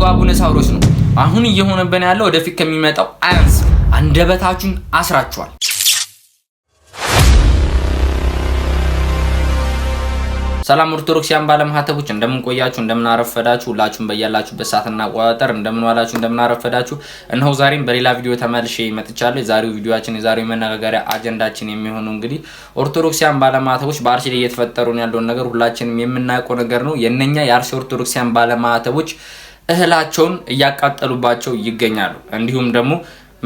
የሚፈልገው አቡነ ሳዊሮስ ነው። አሁን እየሆነብን ያለው ወደፊት ከሚመጣው አያንስ አንደበታችሁን አስራችኋል። ሰላም ኦርቶዶክሲያን ባለማህተቦች እንደምንቆያችሁ እንደምናረፈዳችሁ፣ ሁላችሁም በያላችሁበት ሰዓትና አቆጣጠር እንደምንዋላችሁ እንደምናረፈዳችሁ። እነሆ ዛሬም በሌላ ቪዲዮ ተመልሼ መጥቻለሁ። የዛሬው ቪዲዮችን የዛሬው መነጋገሪያ አጀንዳችን የሚሆኑ እንግዲህ ኦርቶዶክሲያን ባለማህተቦች በአርሲ ላይ እየተፈጠሩን ያለውን ነገር ሁላችንም የምናውቀው ነገር ነው። የነኛ የአርሲ ኦርቶዶክሲያን ባለማህተቦች እህላቸውን እያቃጠሉባቸው ይገኛሉ። እንዲሁም ደግሞ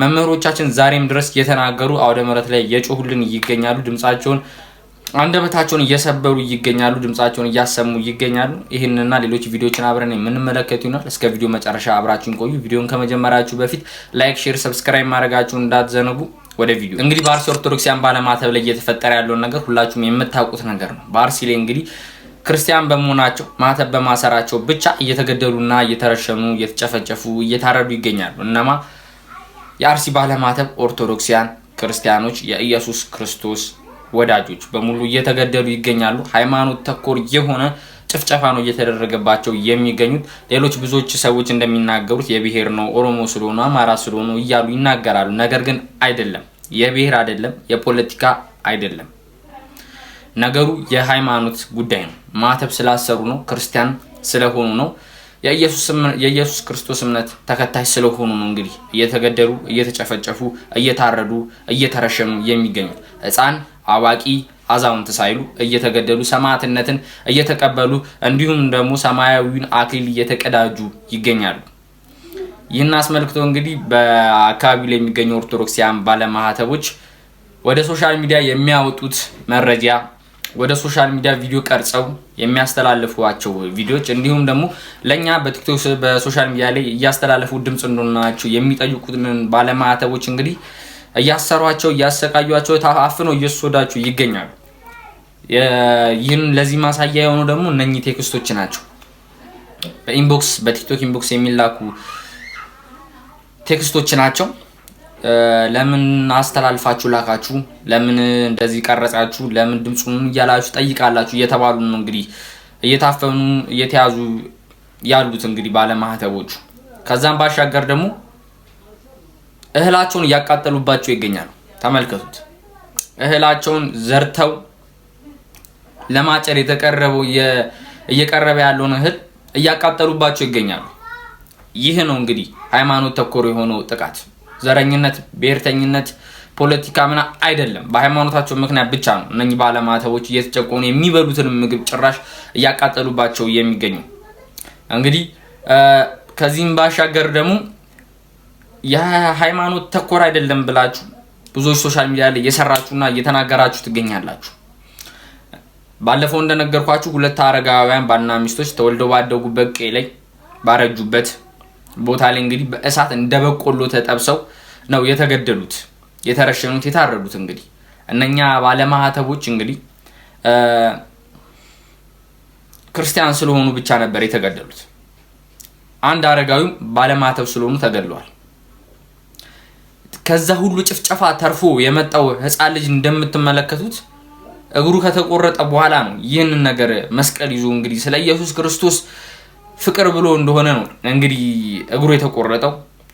መምህሮቻችን ዛሬም ድረስ የተናገሩ አውደ ምሕረት ላይ የጮሁልን ይገኛሉ። ድምጻቸውን አንደበታቸውን እየሰበሩ ይገኛሉ። ድምጻቸውን እያሰሙ ይገኛሉ። ይህንና ሌሎች ቪዲዮችን አብረን የምንመለከት ይሆናል። እስከ ቪዲዮ መጨረሻ አብራችሁን ቆዩ። ቪዲዮን ከመጀመራችሁ በፊት ላይክ፣ ሼር፣ ሰብስክራይብ ማድረጋችሁን እንዳትዘነጉ። ወደ ቪዲዮ እንግዲህ በአርሲ ኦርቶዶክሲያን ባለማተብ ላይ እየተፈጠረ ያለውን ነገር ሁላችሁም የምታውቁት ነገር ነው። በአርሲ ላይ እንግዲህ ክርስቲያን በመሆናቸው ማተብ በማሰራቸው ብቻ እየተገደሉና እየተረሸኑ እየተጨፈጨፉ እየታረዱ ይገኛሉ። እነማ የአርሲ ባለማተብ ኦርቶዶክሲያን ክርስቲያኖች የኢየሱስ ክርስቶስ ወዳጆች በሙሉ እየተገደሉ ይገኛሉ። ሃይማኖት ተኮር የሆነ ጭፍጨፋ ነው እየተደረገባቸው የሚገኙት። ሌሎች ብዙዎች ሰዎች እንደሚናገሩት የብሔር ነው፣ ኦሮሞ ስለሆኑ አማራ ስለሆኑ እያሉ ይናገራሉ። ነገር ግን አይደለም፣ የብሔር አይደለም፣ የፖለቲካ አይደለም። ነገሩ የሃይማኖት ጉዳይ ነው። ማተብ ስላሰሩ ነው፣ ክርስቲያን ስለሆኑ ነው፣ የኢየሱስ ክርስቶስ እምነት ተከታይ ስለሆኑ ነው። እንግዲህ እየተገደሉ እየተጨፈጨፉ እየታረዱ እየተረሸኑ የሚገኙት ህፃን አዋቂ አዛውንት ሳይሉ እየተገደሉ ሰማዕትነትን እየተቀበሉ እንዲሁም ደግሞ ሰማያዊውን አክሊል እየተቀዳጁ ይገኛሉ። ይህን አስመልክቶ እንግዲህ በአካባቢው ላይ የሚገኙ ኦርቶዶክሲያን ባለማህተቦች ወደ ሶሻል ሚዲያ የሚያወጡት መረጃ ወደ ሶሻል ሚዲያ ቪዲዮ ቀርጸው የሚያስተላልፏቸው ቪዲዮዎች እንዲሁም ደግሞ ለእኛ በቲክቶክ በሶሻል ሚዲያ ላይ እያስተላለፉ ድምፅ እንደሆናቸው የሚጠይቁትን ባለማዕተቦች እንግዲህ እያሰሯቸው እያሰቃዩቸው አፍኖ እየወሰዷቸው ይገኛሉ። ይህን ለዚህ ማሳያ የሆኑ ደግሞ እነኚህ ቴክስቶች ናቸው። በኢንቦክስ በቲክቶክ ኢንቦክስ የሚላኩ ቴክስቶች ናቸው። ለምን አስተላልፋችሁ ላካችሁ፣ ለምን እንደዚህ ቀረጻችሁ፣ ለምን ድምፁን እያላችሁ ጠይቃላችሁ እየተባሉ ነው እንግዲህ እየታፈኑ እየተያዙ ያሉት እንግዲህ ባለማህተቦቹ። ከዛም ባሻገር ደግሞ እህላቸውን እያቃጠሉባቸው ይገኛሉ። ተመልከቱት። እህላቸውን ዘርተው ለማጨድ የተቀረበው እየቀረበ ያለውን እህል እያቃጠሉባቸው ይገኛሉ። ይህ ነው እንግዲህ ሃይማኖት ተኮር የሆነው ጥቃት። ዘረኝነት፣ ብሔርተኝነት፣ ፖለቲካ ምና አይደለም። በሃይማኖታቸው ምክንያት ብቻ ነው እነኚህ ባለማተቦች እየተጨቆኑ የሚበሉትን ምግብ ጭራሽ እያቃጠሉባቸው የሚገኙ እንግዲህ ከዚህም ባሻገር ደግሞ የሃይማኖት ተኮር አይደለም ብላችሁ ብዙዎች ሶሻል ሚዲያ ላይ እየሰራችሁና እየተናገራችሁ ትገኛላችሁ። ባለፈው እንደነገርኳችሁ ሁለት አረጋውያን ባልና ሚስቶች ተወልደው ባደጉበት ቄ ላይ ባረጁበት ቦታ ላይ እንግዲህ በእሳት እንደ በቆሎ ተጠብሰው ነው የተገደሉት፣ የተረሸኑት፣ የታረዱት። እንግዲህ እነኛ ባለማህተቦች እንግዲህ ክርስቲያን ስለሆኑ ብቻ ነበር የተገደሉት። አንድ አረጋዊም ባለማህተብ ስለሆኑ ተገድለዋል። ከዛ ሁሉ ጭፍጨፋ ተርፎ የመጣው ህፃን ልጅ እንደምትመለከቱት እግሩ ከተቆረጠ በኋላ ነው ይህንን ነገር መስቀል ይዞ እንግዲህ ስለ ኢየሱስ ክርስቶስ ፍቅር ብሎ እንደሆነ ነው እንግዲህ እግሩ የተቆረጠው።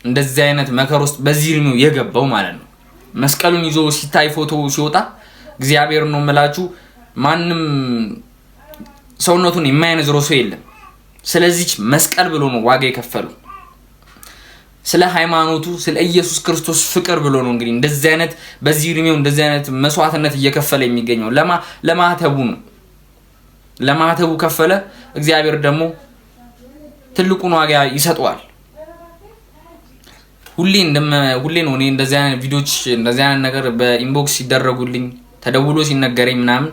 እንደዚህ አይነት መከር ውስጥ በዚህ እድሜው የገባው ማለት ነው። መስቀሉን ይዞ ሲታይ ፎቶ ሲወጣ እግዚአብሔር ነው የምላችሁ ማንም ሰውነቱን የማይነዝሮ ሰው የለም። ስለዚች መስቀል ብሎ ነው ዋጋ የከፈሉ። ስለ ሃይማኖቱ ስለ ኢየሱስ ክርስቶስ ፍቅር ብሎ ነው እንግዲህ እንደዚህ አይነት በዚህ እድሜው እንደዚህ አይነት መስዋዕትነት እየከፈለ የሚገኘው ለማተቡ ነው። ለማተቡ ከፈለ። እግዚአብሔር ደግሞ ትልቁን ዋጋ ይሰጠዋል። ሁሌ ሁሌ ነው እኔ እንደዚህ አይነት ቪዲዮች እንደዚህ አይነት ነገር በኢንቦክስ ሲደረጉልኝ ተደውሎ ሲነገረኝ ምናምን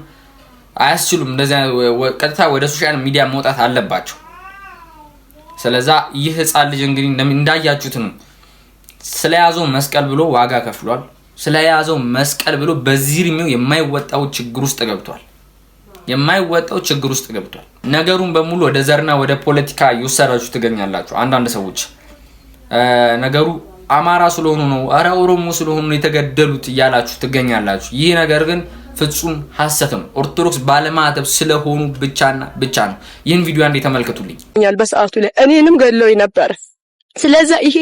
አያስችሉም። እንደዚያ ቀጥታ ወደ ሶሻል ሚዲያ መውጣት አለባቸው። ስለዛ ይህ ህፃን ልጅ እንግዲህ እንዳያችሁት ነው። ስለያዘው መስቀል ብሎ ዋጋ ከፍሏል። ስለያዘው መስቀል ብሎ በዚህ እድሜው የማይወጣው ችግር ውስጥ ገብቷል። የማይወጣው ችግር ውስጥ ገብቷል። ነገሩን በሙሉ ወደ ዘርና ወደ ፖለቲካ ይወሰዳችሁ ትገኛላችሁ። አንዳንድ ሰዎች ነገሩ አማራ ስለሆኑ ነው፣ እረ ኦሮሞ ስለሆኑ የተገደሉት እያላችሁ ትገኛላችሁ። ይህ ነገር ግን ፍጹም ሐሰት ነው። ኦርቶዶክስ ባለማተብ ስለሆኑ ብቻና ብቻ ነው። ይህን ቪዲዮ አንዴ ተመልከቱልኝ። በሰዓቱ ላይ እኔንም ገለው ነበር። ስለዛ ይሄ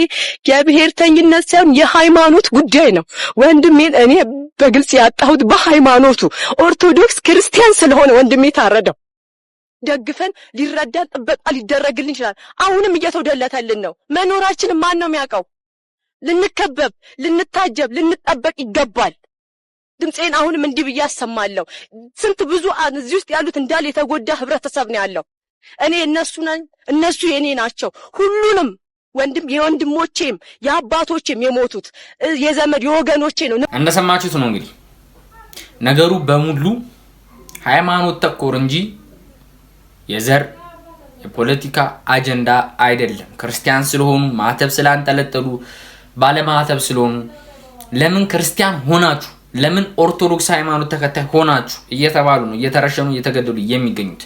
የብሔርተኝነት ሳይሆን የሃይማኖት ጉዳይ ነው ወንድሜን እኔ በግልጽ ያጣሁት በሃይማኖቱ ኦርቶዶክስ ክርስቲያን ስለሆነ ወንድሜ ታረደው። ደግፈን ሊረዳን ጥበቃ ሊደረግልን ይችላል። አሁንም እየተወደለተልን ነው። መኖራችን ማን ነው የሚያውቀው? ልንከበብ፣ ልንታጀብ፣ ልንጠበቅ ይገባል። ድምፄን አሁንም እንዲህ ብዬ አሰማለሁ። ስንት ብዙ እዚህ ውስጥ ያሉት እንዳለ የተጎዳ ህብረተሰብ ነው ያለው። እኔ እነሱ ነኝ፣ እነሱ የእኔ ናቸው። ሁሉንም ወንድም የወንድሞቼም የአባቶቼም የሞቱት የዘመድ የወገኖቼ ነው። እንደሰማችሁት ነው እንግዲህ ነገሩ በሙሉ ሃይማኖት ተኮር እንጂ የዘር የፖለቲካ አጀንዳ አይደለም። ክርስቲያን ስለሆኑ ማተብ ስላንጠለጠሉ ባለማተብ ስለሆኑ ለምን ክርስቲያን ሆናችሁ ለምን ኦርቶዶክስ ሃይማኖት ተከታይ ሆናችሁ እየተባሉ ነው እየተረሸኑ እየተገደሉ የሚገኙት።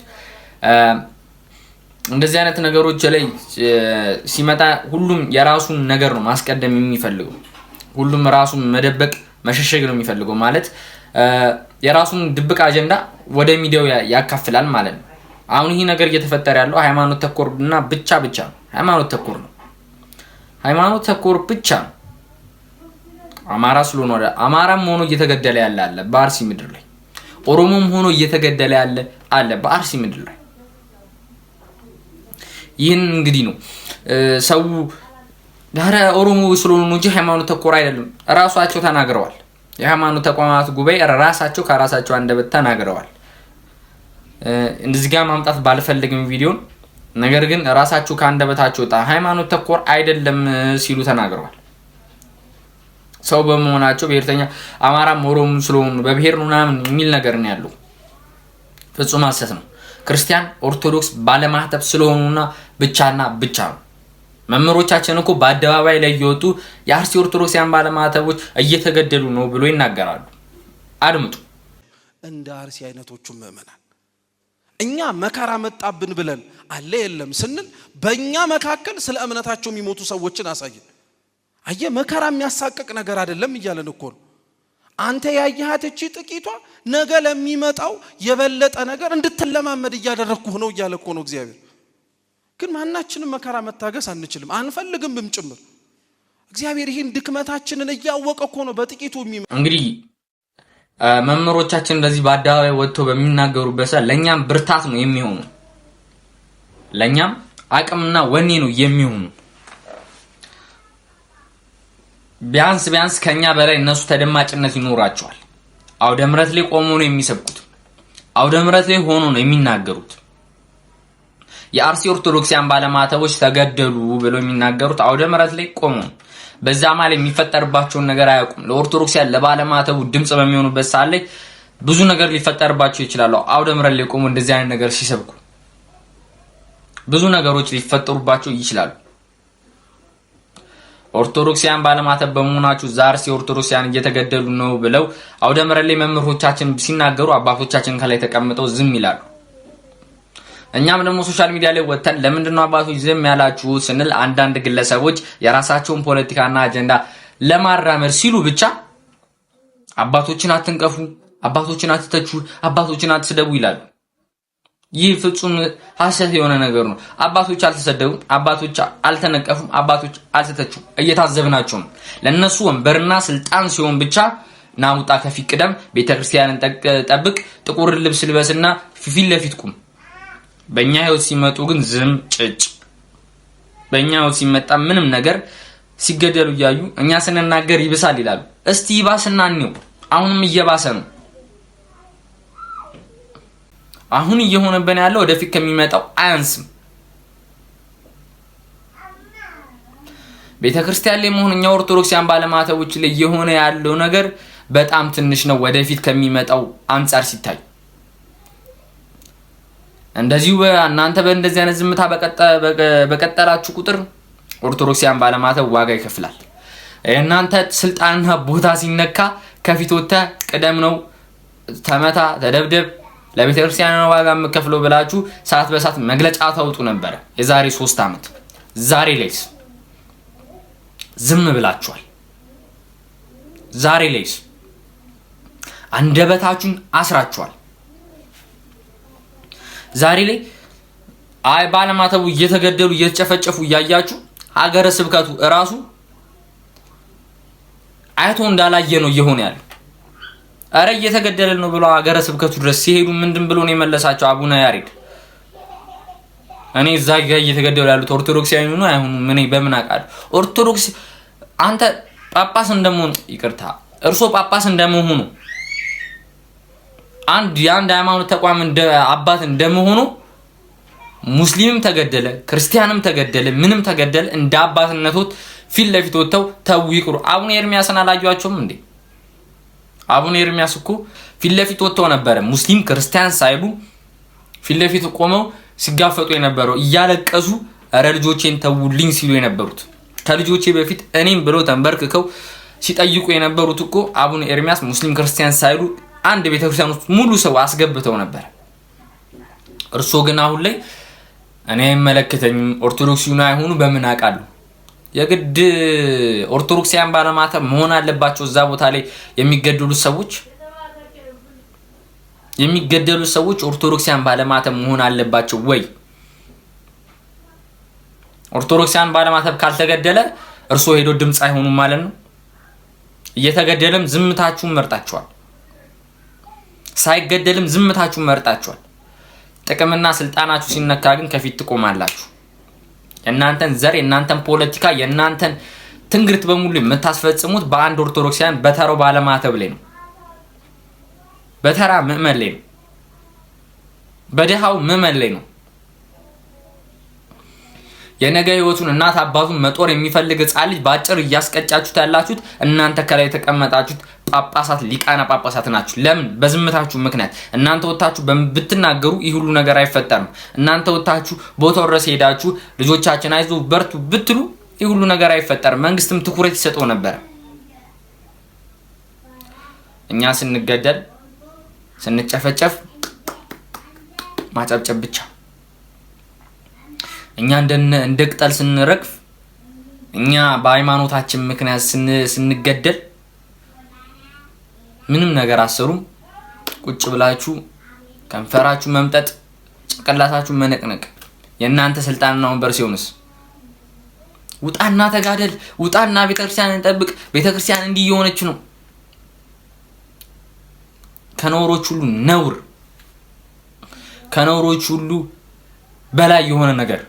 እንደዚህ አይነት ነገሮች ላይ ሲመጣ ሁሉም የራሱን ነገር ነው ማስቀደም የሚፈልገው። ሁሉም ራሱን መደበቅ መሸሸግ ነው የሚፈልገው ማለት የራሱን ድብቅ አጀንዳ ወደ ሚዲያው ያካፍላል ማለት ነው። አሁን ይህ ነገር እየተፈጠረ ያለው ሃይማኖት ተኮር እና ብቻ ብቻ ነው። ሃይማኖት ተኮር ነው። ሃይማኖት ተኮር ብቻ ነው። አማራ ስለሆነ አማራም ሆኖ እየተገደለ ያለ አለ፣ በአርሲ ምድር ላይ ኦሮሞም ሆኖ እየተገደለ ያለ አለ፣ በአርሲ ምድር ላይ ይህን እንግዲህ ነው ሰው ዳረ ኦሮሞ ስለሆኑ እንጂ ሃይማኖት ተኮር አይደለም። ራሷቸው ተናግረዋል። የሃይማኖት ተቋማት ጉባኤ ራሳቸው ከራሳቸው አንደበት ተናግረዋል። እንደዚህ ጋር ማምጣት ባልፈልግም ቪዲዮን ነገር ግን ራሳችሁ ከአንደበታችሁ ወጣ ሃይማኖት ተኮር አይደለም ሲሉ ተናግረዋል። ሰው በመሆናቸው ብሔርተኛ አማራም ኦሮሞ ስለሆኑ በብሔር ምናምን የሚል ነገር ነው ያለው። ፍጹም ሐሰት ነው። ክርስቲያን ኦርቶዶክስ ባለማህተብ ስለሆኑና ብቻና ብቻ ነው። መምህሮቻችን እኮ በአደባባይ ላይ እየወጡ የአርሲ ኦርቶዶክሲያን ባለማህተቦች እየተገደሉ ነው ብሎ ይናገራሉ። አድምጡ። እንደ አርሲ አይነቶቹ ምእመናን እኛ መከራ መጣብን ብለን አለ የለም ስንል በእኛ መካከል ስለ እምነታቸው የሚሞቱ ሰዎችን አሳየን። አየ መከራ የሚያሳቅቅ ነገር አይደለም እያለን እኮ ነው አንተ ያየሃት እቺ ጥቂቷ ነገ ለሚመጣው የበለጠ ነገር እንድትለማመድ እያደረግኩህ ነው እያለ እኮ ነው እግዚአብሔር። ግን ማናችንም መከራ መታገስ አንችልም አንፈልግምም ጭምር። እግዚአብሔር ይህን ድክመታችንን እያወቀ እኮ ነው በጥቂቱ የሚ እንግዲህ መምህሮቻችን እንደዚህ በአደባባይ ወጥቶ በሚናገሩበት ሰዓት ለእኛም ብርታት ነው የሚሆኑ፣ ለእኛም አቅምና ወኔ ነው የሚሆኑ ቢያንስ ቢያንስ ከኛ በላይ እነሱ ተደማጭነት ይኖራቸዋል። አውደ ምረት ላይ ቆሞ ነው የሚሰብኩት። አውደ ምረት ላይ ሆኖ ነው የሚናገሩት። የአርሲ ኦርቶዶክሲያን ባለማተቦች ተገደሉ ብለው የሚናገሩት አውደ ምረት ላይ ቆሞ ነው። በዛ ማለት የሚፈጠርባቸውን ነገር አያውቁም። ለኦርቶዶክሲያን ለባለማተቡ ድምፅ በሚሆኑበት ሰዓት ላይ ብዙ ነገር ሊፈጠርባቸው ይችላሉ። አውደ ምረት ላይ ቆሞ እንደዚህ አይነት ነገር ሲሰብኩ ብዙ ነገሮች ሊፈጠሩባቸው ይችላሉ። ኦርቶዶክሲያን ባለማተብ በመሆናችሁ ዛርስ የኦርቶዶክሲያን እየተገደሉ ነው ብለው አውደ ምሕረት መምህሮቻችን ሲናገሩ አባቶቻችን ከላይ ተቀምጠው ዝም ይላሉ። እኛም ደግሞ ሶሻል ሚዲያ ላይ ወጥተን ለምንድነው አባቶች ዝም ያላችሁ ስንል አንዳንድ ግለሰቦች የራሳቸውን ፖለቲካና አጀንዳ ለማራመድ ሲሉ ብቻ አባቶችን አትንቀፉ፣ አባቶችን አትተቹ፣ አባቶችን አትስደቡ ይላሉ። ይህ ፍጹም ሐሰት የሆነ ነገር ነው። አባቶች አልተሰደቡም፣ አባቶች አልተነቀፉም፣ አባቶች አልተተቹም። እየታዘብናቸውም ለእነሱ ወንበርና ስልጣን ሲሆን ብቻ ናሙጣ ከፊት ቅደም፣ ቤተ ክርስቲያንን ጠብቅ፣ ጥቁር ልብስ ልበስና ፊት ለፊት ቁም። በእኛ ህይወት ሲመጡ ግን ዝም ጭጭ። በእኛ ህይወት ሲመጣ ምንም ነገር ሲገደሉ እያዩ እኛ ስንናገር ይብሳል ይላሉ። እስቲ ይባስና እንየው። አሁንም እየባሰ ነው። አሁን እየሆነብን ያለው ወደፊት ከሚመጣው አያንስም። ቤተ ክርስቲያን ላይ መሆን እኛ ኦርቶዶክሲያን ባለማተቦች ላይ እየሆነ ያለው ነገር በጣም ትንሽ ነው ወደፊት ከሚመጣው አንጻር ሲታይ። እንደዚሁ እናንተ በእንደዚህ አይነት ዝምታ በቀጠላችሁ ቁጥር ኦርቶዶክሲያን ባለማተብ ዋጋ ይከፍላል። የእናንተ ስልጣንና ቦታ ሲነካ ከፊት ወጥተህ ቅደም ነው፣ ተመታ፣ ተደብደብ ለቤተ ክርስቲያን ዋጋ የምከፍለው ብላችሁ ሰዓት በሰዓት መግለጫ ታውጡ ነበረ የዛሬ ሶስት ዓመት። ዛሬ ላይስ ዝም ብላችኋል። ዛሬ ላይስ አንደበታችሁን አስራችኋል። ዛሬ ላይ አይ ባለማተቡ እየተገደሉ እየተጨፈጨፉ እያያችሁ ሀገረ ስብከቱ እራሱ አይቶ እንዳላየ ነው እየሆነ ያለው። አረ እየተገደልን ነው ብሎ ሀገረ ስብከቱ ድረስ ሲሄዱ ምንድን ብሎ ነው የመለሳቸው አቡነ ያሬድ? እኔ እዛ ጋ እየተገደሉ ያሉት ኦርቶዶክሳዊ ሆኑ አይሆኑ ምን በምን አውቃለሁ? ኦርቶዶክስ አንተ ጳጳስ እንደመሆኑ ይቅርታ፣ እርሶ ጳጳስ እንደመሆኑ አንድ የአንድ ሃይማኖት ተቋም አባት እንደመሆኑ ሙስሊምም ተገደለ፣ ክርስቲያንም ተገደለ፣ ምንም ተገደለ፣ እንደ አባትነቶት ፊት ለፊት ወጥተው ተው ይቅሩ። አቡነ ኤርሚያስን አላዩቸውም እንዴ? አቡነ ኤርሚያስ እኮ ፊት ለፊት ወጥተው ነበረ። ሙስሊም ክርስቲያን ሳይሉ ፊት ለፊት ቆመው ሲጋፈጡ የነበረው እያለቀሱ እረ ልጆቼን ተውልኝ ሲሉ የነበሩት ከልጆቼ በፊት እኔም ብለው ተንበርክከው ሲጠይቁ የነበሩት እኮ አቡነ ኤርሚያስ ሙስሊም ክርስቲያን ሳይሉ አንድ ቤተክርስቲያን ውስጥ ሙሉ ሰው አስገብተው ነበር። እርስዎ ግን አሁን ላይ እኔ አይመለከተኝም ኦርቶዶክስ ዩና አይሆኑ በምን አውቃለሁ የግድ ኦርቶዶክሳውያን ባለማተብ መሆን አለባቸው እዛ ቦታ ላይ የሚገደሉ ሰዎች የሚገደሉ ሰዎች ኦርቶዶክሳውያን ባለማተብ መሆን አለባቸው ወይ? ኦርቶዶክሳውያን ባለማተብ ካልተገደለ እርሶ ሄዶ ድምፅ አይሆኑም ማለት ነው። እየተገደለም ዝምታችሁን መርጣችኋል። ሳይገደልም ዝምታችሁን መርጣችኋል። ጥቅምና ስልጣናችሁ ሲነካ ግን ከፊት ትቆማላችሁ። የእናንተን ዘር፣ የእናንተን ፖለቲካ፣ የእናንተን ትንግርት በሙሉ የምታስፈጽሙት በአንድ ኦርቶዶክሳውያን በተራው ባለማተብ ላይ ነው። በተራ ምዕመን ላይ ነው። በድሃው ምዕመን ላይ ነው። የነገ ህይወቱን እናት አባቱን መጦር የሚፈልግ ህፃን ልጅ በአጭር እያስቀጫችሁት ያላችሁት እናንተ ከላይ የተቀመጣችሁት ጳጳሳት ሊቃነ ጳጳሳት ናችሁ። ለምን በዝምታችሁ ምክንያት እናንተ ወታችሁ ብትናገሩ ይህ ሁሉ ነገር አይፈጠርም። እናንተ ወታችሁ ቦታው ድረስ ሄዳችሁ ልጆቻችን አይዞ በርቱ ብትሉ ይህ ሁሉ ነገር አይፈጠርም። መንግስትም ትኩረት ይሰጠው ነበር። እኛ ስንገደል ስንጨፈጨፍ ማጨብጨብ ብቻ እኛ እንደ ቅጠል ስንረግፍ፣ እኛ በሃይማኖታችን ምክንያት ስንገደል ምንም ነገር አሰሩም። ቁጭ ብላችሁ ከንፈራችሁ መምጠጥ፣ ጭንቅላታችሁ መነቅነቅ የእናንተ ስልጣንና ወንበር ሲሆንስ ውጣና ተጋደል፣ ውጣና ቤተክርስቲያን እንጠብቅ፣ ቤተክርስቲያን እንዲህ የሆነች ነው። ከነውሮች ሁሉ ነውር ከነውሮች ሁሉ በላይ የሆነ ነገር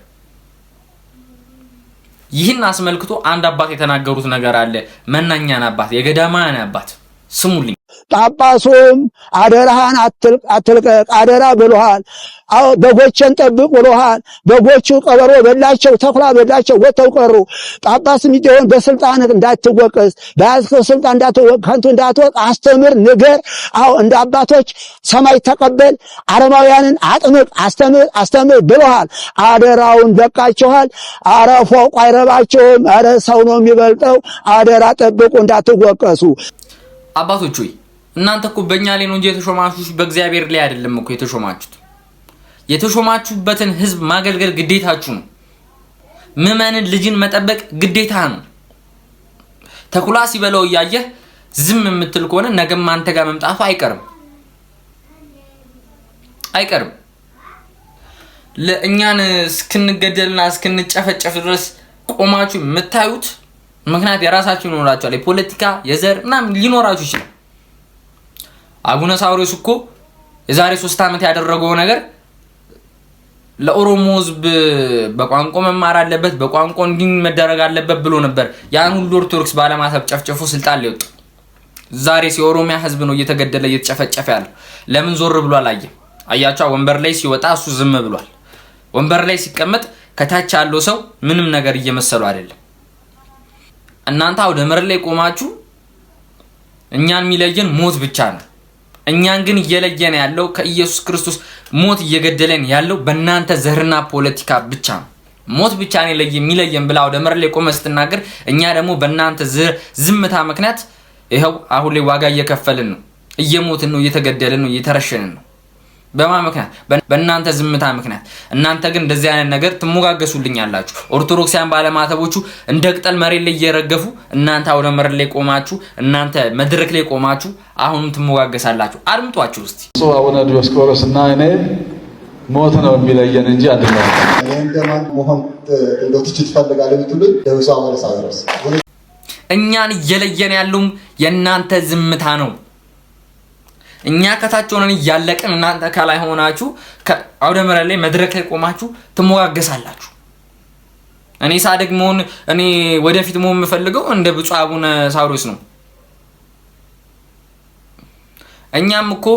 ይህን አስመልክቶ አንድ አባት የተናገሩት ነገር አለ። መናኛን አባት የገዳማን አባት ስሙልኝ። ጳጳሱም አደራህን አትልቀቅ አደራ ብሎሃል። በጎችን ጠብቅ ብሎሃል። በጎቹ ቀበሮ በላቸው፣ ተኩላ በላቸው፣ ወጥተው ቀሩ። ጳጳስ የሚሆን በስልጣን እንዳትወቀስ፣ በያዝከው ስልጣን ከንቱ እንዳትወቅ፣ አስተምር፣ ንገር። አዎ እንደ አባቶች ሰማይ ተቀበል፣ አረማውያንን አጥምቅ፣ አስተምር፣ አስተምር ብሎሃል። አደራውን በቃችኋል። አረ ፎቁ አይረባቸውም። አረ ሰው ነው የሚበልጠው። አደራ ጠብቁ፣ እንዳትወቀሱ አባቶች ሆይ እናንተ እኮ በእኛ ላይ ነው እንጂ የተሾማችሁት በእግዚአብሔር ላይ አይደለም እኮ የተሾማችሁት። የተሾማችሁበትን ህዝብ ማገልገል ግዴታችሁ ነው። ምመንን ልጅን መጠበቅ ግዴታ ነው። ተኩላ ሲበላው እያየህ ዝም የምትል ከሆነ ነገም አንተ ጋር መምጣቱ አይቀርም አይቀርም። ለእኛን እስክንገደልና እስክንጨፈጨፍ ድረስ ቆማችሁ የምታዩት ምክንያት የራሳችሁ ይኖራችኋል። የፖለቲካ የዘር ምናምን ሊኖራችሁ ይችላል። አቡነ ሳዊሮስ እኮ የዛሬ ሶስት ዓመት ያደረገው ነገር ለኦሮሞ ሕዝብ በቋንቋ መማር አለበት፣ በቋንቋ እንዲህ መደረግ አለበት ብሎ ነበር። ያን ሁሉ ኦርቶዶክስ ባለማተብ ጨፍጨፉ፣ ስልጣን ሊወጡ ዛሬ የኦሮሚያ ህዝብ ነው እየተገደለ እየተጨፈጨፈ ያለው። ለምን ዞር ብሎ አላየም? አያቸዋ ወንበር ላይ ሲወጣ እሱ ዝም ብሏል። ወንበር ላይ ሲቀመጥ ከታች ያለው ሰው ምንም ነገር እየመሰሉ አይደለም። እናንተ አውደ ምሕረት ላይ ቆማችሁ እኛን የሚለየን ሞት ብቻ ነው። እኛን ግን እየለየን ያለው ከኢየሱስ ክርስቶስ ሞት እየገደለን ያለው በእናንተ ዘርና ፖለቲካ ብቻ ነው። ሞት ብቻ ነው የሚለየን ብላ ወደ መር ላይ ቆመ ስትናገር፣ እኛ ደግሞ በእናንተ ዝምታ ምክንያት ይኸው አሁን ላይ ዋጋ እየከፈልን ነው፣ እየሞትን ነው፣ እየተገደልን ነው፣ እየተረሸንን ነው። በማ ምክንያት በእናንተ ዝምታ ምክንያት። እናንተ ግን እንደዚህ አይነት ነገር ትሞጋገሱልኛላችሁ። ኦርቶዶክሳን ባለማተቦቹ እንደ ቅጠል መሬት ላይ እየረገፉ እናንተ አውደ መሬት ላይ ቆማችሁ፣ እናንተ መድረክ ላይ ቆማችሁ አሁንም ትሞጋገሳላችሁ። አድምጧችሁ እስቲ። አቡነ ዲዮስቆሮስ እና እኔ ሞት ነው የሚለየን እንጂ እኛን እየለየን ያለውም የእናንተ ዝምታ ነው። እኛ ከታች ሆነን እያለቅን እናንተ ከላይ ሆናችሁ አውደ ምሕረት ላይ መድረክ ላይ ቆማችሁ ትሞጋገሳላችሁ። እኔ ሳደግ መሆን እኔ ወደፊት መሆን የምፈልገው እንደ ብፁዕ አቡነ ሳዊሮስ ነው። እኛም እኮ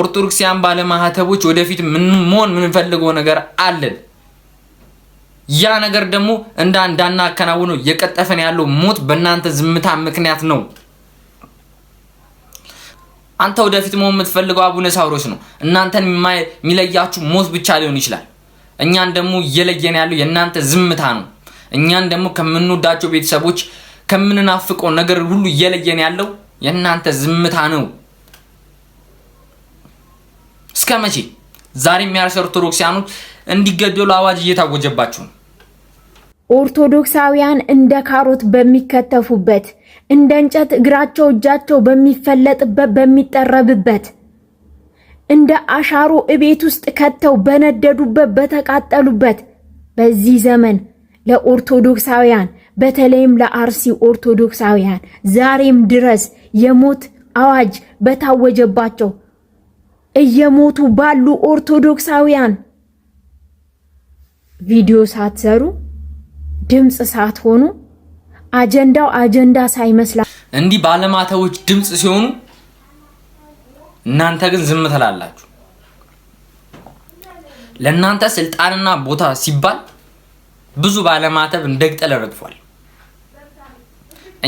ኦርቶዶክሲያን ባለማህተቦች ወደፊት መሆን የምንፈልገው ነገር አለን። ያ ነገር ደግሞ እንዳ እንዳናከናውነው የቀጠፈን ያለው ሞት በእናንተ ዝምታ ምክንያት ነው። አንተ ወደፊት መሆን የምትፈልገው አቡነ ሳዊሮስ ነው። እናንተን የሚለያችሁ ሞት ብቻ ሊሆን ይችላል። እኛን ደግሞ እየለየን ያለው የእናንተ ዝምታ ነው። እኛን ደግሞ ከምንወዳቸው ቤተሰቦች ከምንናፍቀው ነገር ሁሉ እየለየን ያለው የእናንተ ዝምታ ነው። እስከ መቼ ዛሬም የአርሲ ኦርቶዶክሲያኖች እንዲገደሉ አዋጅ እየታወጀባችሁ ነው? ኦርቶዶክሳውያን እንደ ካሮት በሚከተፉበት እንደ እንጨት እግራቸው እጃቸው በሚፈለጥበት በሚጠረብበት እንደ አሻሮ እቤት ውስጥ ከተው በነደዱበት በተቃጠሉበት በዚህ ዘመን ለኦርቶዶክሳውያን በተለይም ለአርሲ ኦርቶዶክሳውያን ዛሬም ድረስ የሞት አዋጅ በታወጀባቸው እየሞቱ ባሉ ኦርቶዶክሳውያን ቪዲዮ ሳትሰሩ ድምፅ ሳትሆኑ አጀንዳው አጀንዳ ሳይመስላ እንዲህ ባለማተቦች ድምፅ ሲሆኑ እናንተ ግን ዝም ትላላችሁ። ለእናንተ ስልጣንና ቦታ ሲባል ብዙ ባለማተብ እንደ ረግፏል።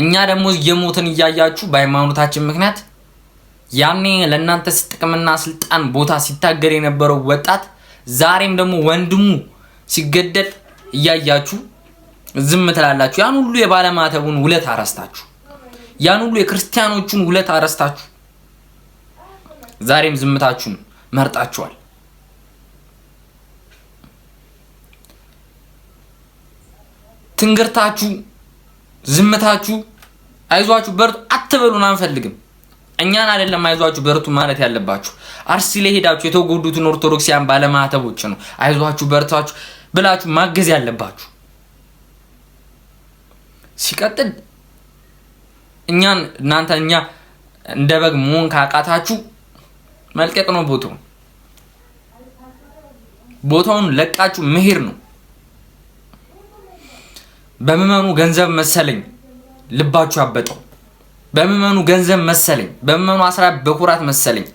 እኛ ደግሞ የሞትን እያያችሁ በሃይማኖታችን ምክንያት ያኔ ለእናንተ ጥቅምና ስልጣን ቦታ ሲታገል የነበረው ወጣት ዛሬም ደግሞ ወንድሙ ሲገደል እያያችሁ ዝም ትላላችሁ። ያን ሁሉ የባለማተቡን ውለት አረስታችሁ፣ ያን ሁሉ የክርስቲያኖቹን ውለት አረስታችሁ ዛሬም ዝምታችሁን መርጣችኋል። ትንግርታችሁ፣ ዝምታችሁ አይዟችሁ በርቱ አትበሉን አንፈልግም። እኛን አይደለም አይዟችሁ በርቱ ማለት ያለባችሁ። አርሲ ለሄዳችሁ የተጎዱትን ኦርቶዶክሲያን ባለማተቦች ነው አይዟችሁ በርታችሁ ብላችሁ ማገዝ ያለባችሁ። ሲቀጥል እኛን እናንተ እኛ እንደ በግ መሆን ካቃታችሁ መልቀቅ ነው ቦታውን ቦታውን ለቃችሁ መሄድ ነው። በምመኑ ገንዘብ መሰለኝ ልባችሁ ያበጠው። በምመኑ ገንዘብ መሰለኝ፣ በምመኑ አስራ በኩራት መሰለኝ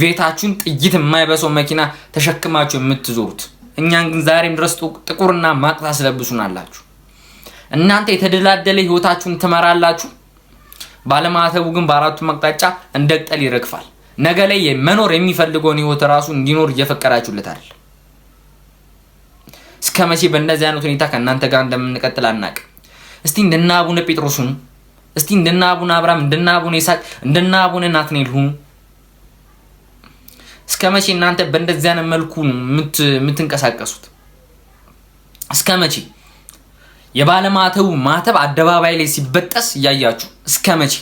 ቤታችሁን ጥይት የማይበሰው መኪና ተሸክማችሁ የምትዞሩት። እኛን ግን ዛሬም ድረስ ጥቁርና ማቅ ታስለብሱናላችሁ። እናንተ የተደላደለ ህይወታችሁን ትመራላችሁ። ባለማተቡ ግን በአራቱ አቅጣጫ እንደ ቅጠል ይረግፋል። ነገ ላይ መኖር የሚፈልገውን ህይወት ራሱ እንዲኖር እየፈቀዳችሁለት አይደል? እስከ መቼ በእንደዚህ አይነት ሁኔታ ከእናንተ ጋር እንደምንቀጥል አናቅ። እስቲ እንደና አቡነ ጴጥሮሱን እስቲ እንደና አቡነ አብርሃም፣ እንደና አቡነ ይስሐቅ፣ እንደና አቡነ ናትናኤል ሁኑ። እስከ መቼ እናንተ በእንደዚህ አይነት መልኩ የምትንቀሳቀሱት? እስከ መቼ የባለማተቡ ማተብ አደባባይ ላይ ሲበጠስ እያያችሁ እስከ መቼ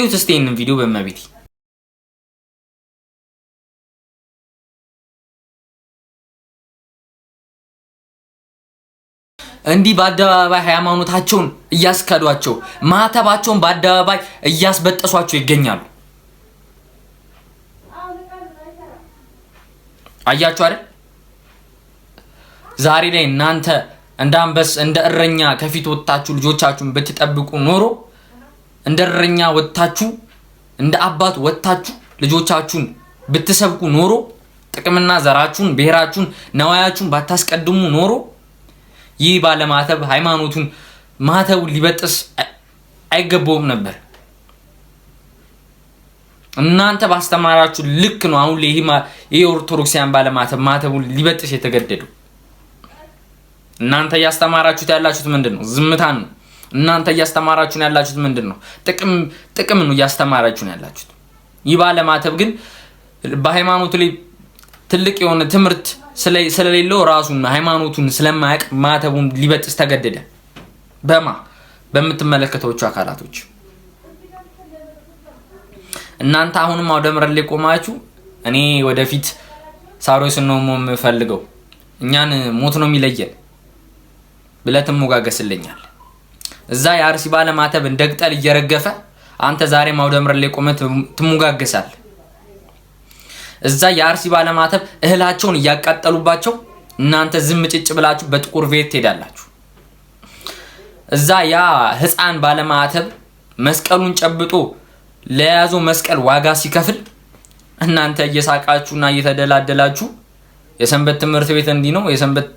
እዩት? ቪዲዮ በመቤቴ እንዲህ በአደባባይ ሃይማኖታቸውን እያስከዷቸው ማተባቸውን በአደባባይ እያስበጠሷቸው ይገኛሉ። አያችሁ አይደል? ዛሬ ላይ እናንተ እንደ አንበስ እንደ እረኛ ከፊት ወጥታችሁ ልጆቻችሁን ብትጠብቁ ኖሮ እንደ እረኛ ወጥታችሁ እንደ አባት ወጥታችሁ ልጆቻችሁን ብትሰብኩ ኖሮ ጥቅምና ዘራችሁን ብሔራችሁን ነዋያችሁን ባታስቀድሙ ኖሮ ይህ ባለማተብ ሃይማኖቱን ማተቡን ሊበጥስ አይገባውም ነበር። እናንተ ባስተማራችሁ ልክ ነው አሁን ይህ የኦርቶዶክሲያን ባለማተብ ማተቡን ሊበጥስ የተገደደው። እናንተ እያስተማራችሁት ያላችሁት ምንድን ነው? ዝምታን ነው። እናንተ እያስተማራችሁን ያላችሁት ምንድን ነው? ጥቅም ጥቅም ነው እያስተማራችሁን ያላችሁት። ይህ ባለማተብ ግን በሃይማኖቱ ላይ ትልቅ የሆነ ትምህርት ስለሌለው ራሱን ሃይማኖቱን ስለማያውቅ ማተቡን ሊበጥስ ተገደደ። በማ በምትመለከተዎቹ አካላቶች እናንተ አሁንም አውደ ምሕረት ላይ ቆማችሁ እኔ ወደፊት ሳሮስን ነው የምፈልገው እኛን ሞት ነው የሚለየን ብለህ ትሞጋገስልኛል። እዛ የአርሲ ባለማተብ እንደ ቅጠል እየረገፈ አንተ ዛሬ ማውደምር ላይ ቆመ ትሞጋገሳል። እዛ የአርሲ ባለማተብ እህላቸውን እያቃጠሉባቸው እናንተ ዝም ጭጭ ብላችሁ በጥቁር ቤት ትሄዳላችሁ። እዛ ያ ህፃን ባለማተብ መስቀሉን ጨብጦ ለያዞ መስቀል ዋጋ ሲከፍል እናንተ እየሳቃችሁና እየተደላደላችሁ የሰንበት ትምህርት ቤት እንዲህ ነው የሰንበት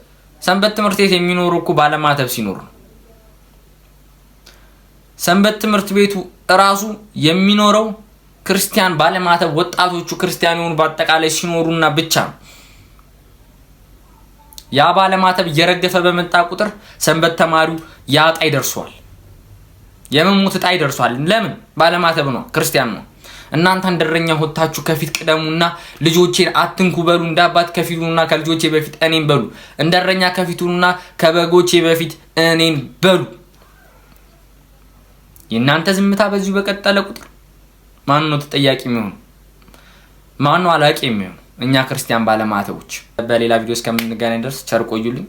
ሰንበት ትምህርት ቤት የሚኖሩ እኮ ባለማተብ ሲኖር ነው። ሰንበት ትምህርት ቤቱ እራሱ የሚኖረው ክርስቲያን ባለማተብ ወጣቶቹ ክርስቲያን የሆኑ በአጠቃላይ ሲኖሩና ብቻ ነው። ያ ባለማተብ እየረገፈ በመጣ ቁጥር ሰንበት ተማሪው ያ ዕጣ ይደርሷል፣ የመሞት ዕጣ ይደርሷል። ለምን? ባለማተብ ነው፣ ክርስቲያን ነው። እናንተ እንደረኛ ሆታችሁ ከፊት ቅደሙና ልጆቼን አትንኩ በሉ። እንደ አባት ከፊቱና ከልጆቼ በፊት እኔን በሉ። እንደረኛ ከፊቱና ከበጎቼ በፊት እኔን በሉ። የእናንተ ዝምታ በዚሁ በቀጠለ ቁጥር ማን ነው ተጠያቂ የሚሆኑ? ማን ነው አላቂ የሚሆኑ? እኛ ክርስቲያን ባለማተቦች። በሌላ ቪዲዮ እስከምንገናኝ ድረስ ቸር ቆዩልኝ።